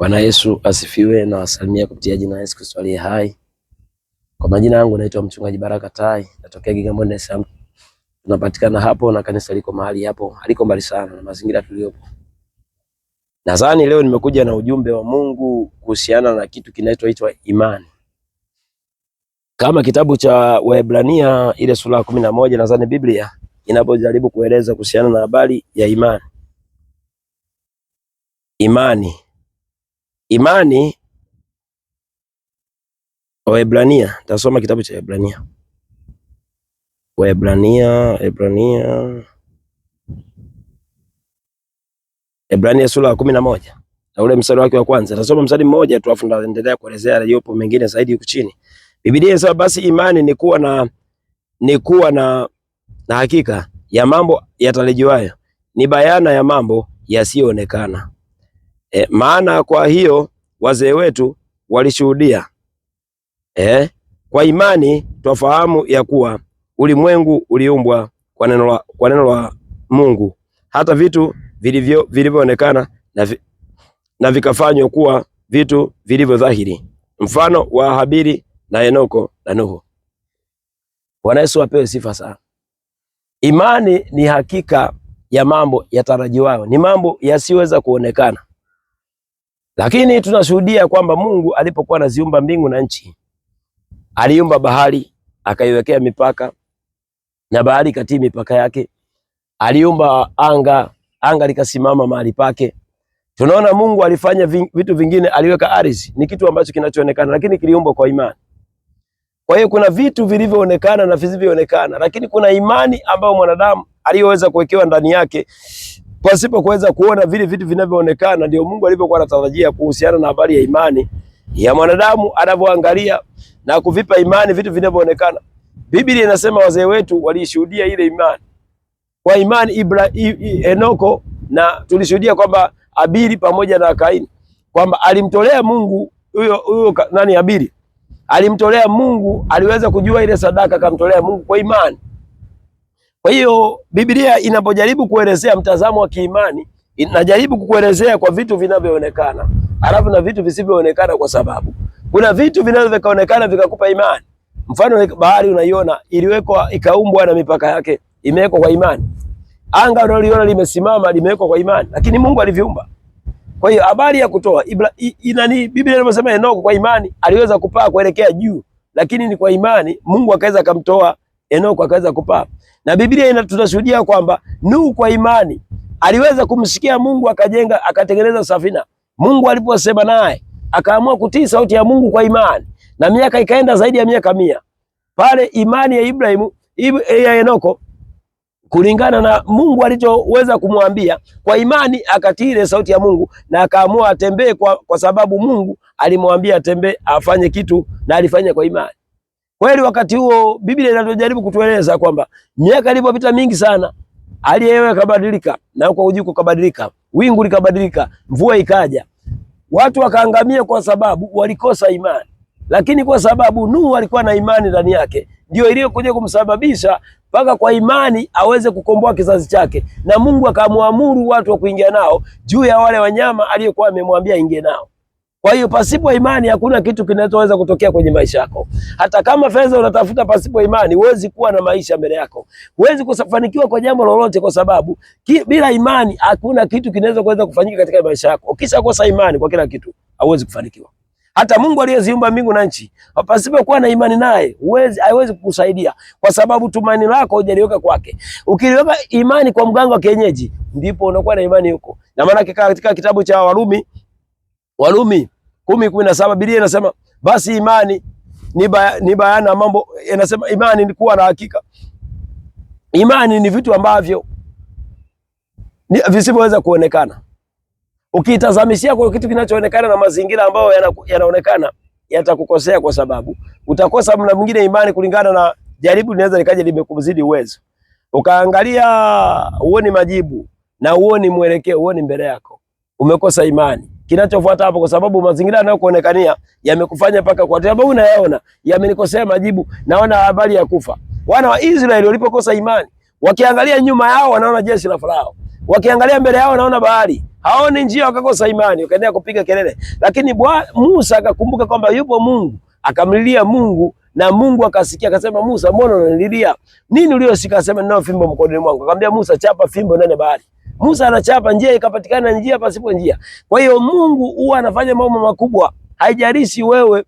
Bwana Yesu asifiwe na wasalimia kupitia jina la Yesu Kristo aliye hai. Kwa majina yangu naitwa mchungaji Baraka Tai, natokea Kigamboni, Dar es Salaam. Tunapatikana hapo na kanisa liko mahali hapo, haliko mbali sana na mazingira tuliyopo. Nadhani leo nimekuja na ujumbe wa Mungu kuhusiana na kitu kinachoitwa imani. Kama kitabu cha Waebrania ile sura ya kumi na moja nadhani Biblia inapojaribu kueleza kuhusiana na habari ya imani. Imani Imani Waebrania, tasoma kitabu cha Waebrania. Waebrania, Waebrania, Waebrania sura ya kumi na moja na ule mstari wake wa kwanza. Tasoma mstari mmoja tu, afu ndaendelea kuelezea yaliyopo mengine zaidi huku chini. Biblia inasema basi imani ni kuwa na ni kuwa na, na hakika ya mambo yatarajiwayo, ni bayana ya mambo yasiyoonekana. E, maana kwa hiyo wazee wetu walishuhudia. E, kwa imani twafahamu ya kuwa ulimwengu uliumbwa kwa neno la, kwa neno la Mungu hata vitu vilivyo vilivyoonekana na, vi, na vikafanywa kuwa vitu vilivyo dhahiri, mfano wa Habili na Enoko na Nuhu. Bwana Yesu apewe sifa sana. Imani ni hakika ya mambo yatarajiwayo, ni mambo yasiyoweza kuonekana. Lakini tunashuhudia kwamba Mungu alipokuwa anaziumba mbingu na nchi, aliumba bahari akaiwekea mipaka, na bahari katii mipaka yake. Aliumba anga, anga likasimama mahali pake. Tunaona Mungu alifanya vitu vingine, aliweka ardhi, ni kitu ambacho kinachoonekana, lakini kiliumbwa kwa imani. Kwa hiyo kuna vitu vilivyoonekana na visivyoonekana, lakini kuna imani ambayo mwanadamu aliyoweza kuwekewa ndani yake pasipo kuweza kuona vile vitu vinavyoonekana. Ndio Mungu alivyokuwa anatarajia kuhusiana na habari ya imani ya mwanadamu, anavyoangalia na kuvipa imani vitu vinavyoonekana. Biblia inasema wazee wetu walishuhudia ile imani kwa imani Ibra, I, I, Enoko na tulishuhudia kwamba Abili pamoja na Kaini kwamba alimtolea Mungu huyo huyo nani Abili alimtolea Mungu, aliweza kujua ile sadaka akamtolea Mungu kwa imani. Kwa hiyo Biblia inapojaribu kuelezea mtazamo wa kiimani inajaribu kukuelezea kwa vitu vinavyoonekana, alafu na vitu visivyoonekana, kwa sababu kuna vitu vinavyoonekana vikakupa imani. Mfano, bahari unaiona iliwekwa ikaumbwa na mipaka yake imewekwa kwa imani. Anga unaloiona limesimama limewekwa kwa imani, lakini Mungu aliviumba. Kwa hiyo habari ya kutoa ibla, i, inani, Biblia inasema Enoko kwa imani aliweza kupaa kuelekea juu, lakini ni kwa imani Mungu akaweza akamtoa Enoko akaweza kupaa, na Biblia ina tunashuhudia kwamba Nuhu kwa imani aliweza kumsikia Mungu akajenga akatengeneza safina. Mungu aliposema naye akaamua kutii sauti ya Mungu kwa imani, na miaka ikaenda zaidi ya miaka mia. Pale imani ya Ibrahimu eh, ya Enoko kulingana na Mungu alichoweza kumwambia kwa imani, akatii ile sauti ya Mungu na akaamua atembee kwa, kwa sababu Mungu alimwambia atembee afanye kitu na alifanya kwa imani. Kweli wakati huo Biblia inatujaribu kutueleza kwamba miaka ilipopita mingi sana, hali ya hewa ikabadilika, na kwa ujiko kabadilika, wingu likabadilika, mvua ikaja, watu wakaangamia kwa sababu walikosa imani. Lakini kwa sababu Nuhu alikuwa na imani ndani yake, ndio iliyokuja kumsababisha mpaka kwa imani aweze kukomboa kizazi chake, na Mungu akamwamuru watu wa kuingia nao juu ya wale wanyama aliyokuwa amemwambia ingie nao. Kwa hiyo pasipo imani hakuna kitu kinachoweza kutokea kwenye maisha yako. Hata kama fedha unatafuta pasipo imani, huwezi kuwa na maisha mbele yako, huwezi kufanikiwa kwa jambo lolote, kwa sababu ki, bila imani hakuna kitu kinaweza kuweza kufanyika katika maisha yako. Ukishakosa imani kwa kila kitu, hauwezi kufanikiwa. Hata Mungu aliyeziumba mbingu na nchi, pasipo kuwa na imani naye huwezi, haiwezi kukusaidia kwa sababu tumaini lako hujaliweka kwake. Ukiliweka imani kwa mganga wa kienyeji, ndipo unakuwa na imani huko, na maana katika kitabu cha Warumi Warumi 10:17 Biblia inasema basi imani ni ni bayana mambo, inasema imani ni kuwa na hakika. Imani ni vitu ambavyo visivyoweza kuonekana. Ukitazamishia kwa kitu kinachoonekana na mazingira ambayo yana, yanaonekana yatakukosea kwa sababu utakosa mna mwingine imani kulingana na jaribu linaweza likaje limekuzidi uwezo. Ukaangalia uone majibu na uone mwelekeo, uone mbele yako. Umekosa imani kinachofuata hapo, kwa sababu mazingira yanayokuonekania yamekufanya paka kwa sababu unayaona yamenikosea majibu. Naona habari ya kufa wana wa Israeli walipokosa imani, wakiangalia nyuma yao wanaona jeshi la Farao, wakiangalia mbele yao wanaona bahari, haoni njia, wakakosa imani, wakaendelea kupiga kelele. Lakini bwa, Musa akakumbuka kwamba yupo Mungu, akamlilia Mungu na Mungu akasikia, akasema, Musa, mbona unanililia? Nini uliosikia? Akasema, ninao fimbo mkononi mwangu. Akamwambia Musa, chapa fimbo ndani ya bahari. Musa anachapa njia ikapatikana njia pasipo njia. Kwa hiyo Mungu huwa anafanya mambo makubwa. Haijalishi wewe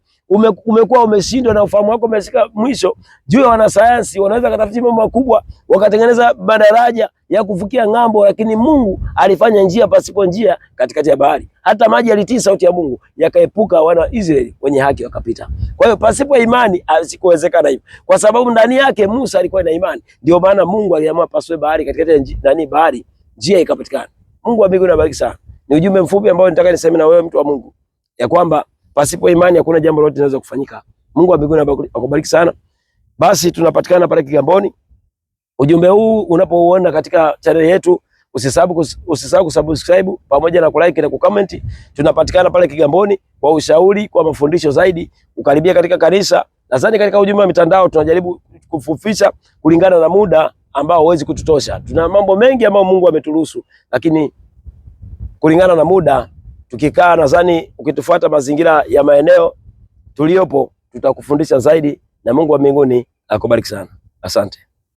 umekuwa umeshindwa na ufahamu wako umefika mwisho. Juu ya wanasayansi wanaweza kutafiti mambo makubwa, wakatengeneza madaraja ya kuvukia ng'ambo, lakini Mungu alifanya njia pasipo njia katikati ya bahari. Hata maji yalitii sauti ya Mungu, yakaepuka wana wa Israeli wenye haki wakapita. Kwa hiyo pasipo imani asikuwezekana ah, hivyo, kwa sababu ndani yake Musa alikuwa na imani. Ndio maana Mungu aliamua pasue bahari katikati ya nani bahari njia ikapatikana. Mungu wa mbingu anabariki sana. Ni ujumbe mfupi ambao nataka niseme na wewe mtu wa Mungu, ya kwamba pasipo imani hakuna jambo lolote linaweza kufanyika. Mungu wa mbinguni akubariki sana. Basi tunapatikana pale Kigamboni. Ujumbe huu unapouona katika channel yetu, usisahau usisahau kusubscribe pamoja na kulike na kucomment. Tunapatikana pale Kigamboni kwa ushauri, kwa mafundisho zaidi, ukaribia katika kanisa. Nadhani katika ujumbe wa mitandao tunajaribu kufufisha kulingana na muda ambao huwezi kututosha. Tuna mambo mengi ambayo Mungu ameturuhusu, lakini kulingana na muda tukikaa, nadhani ukitufuata mazingira ya maeneo tuliyopo tutakufundisha zaidi, na Mungu wa mbinguni akubariki sana. Asante.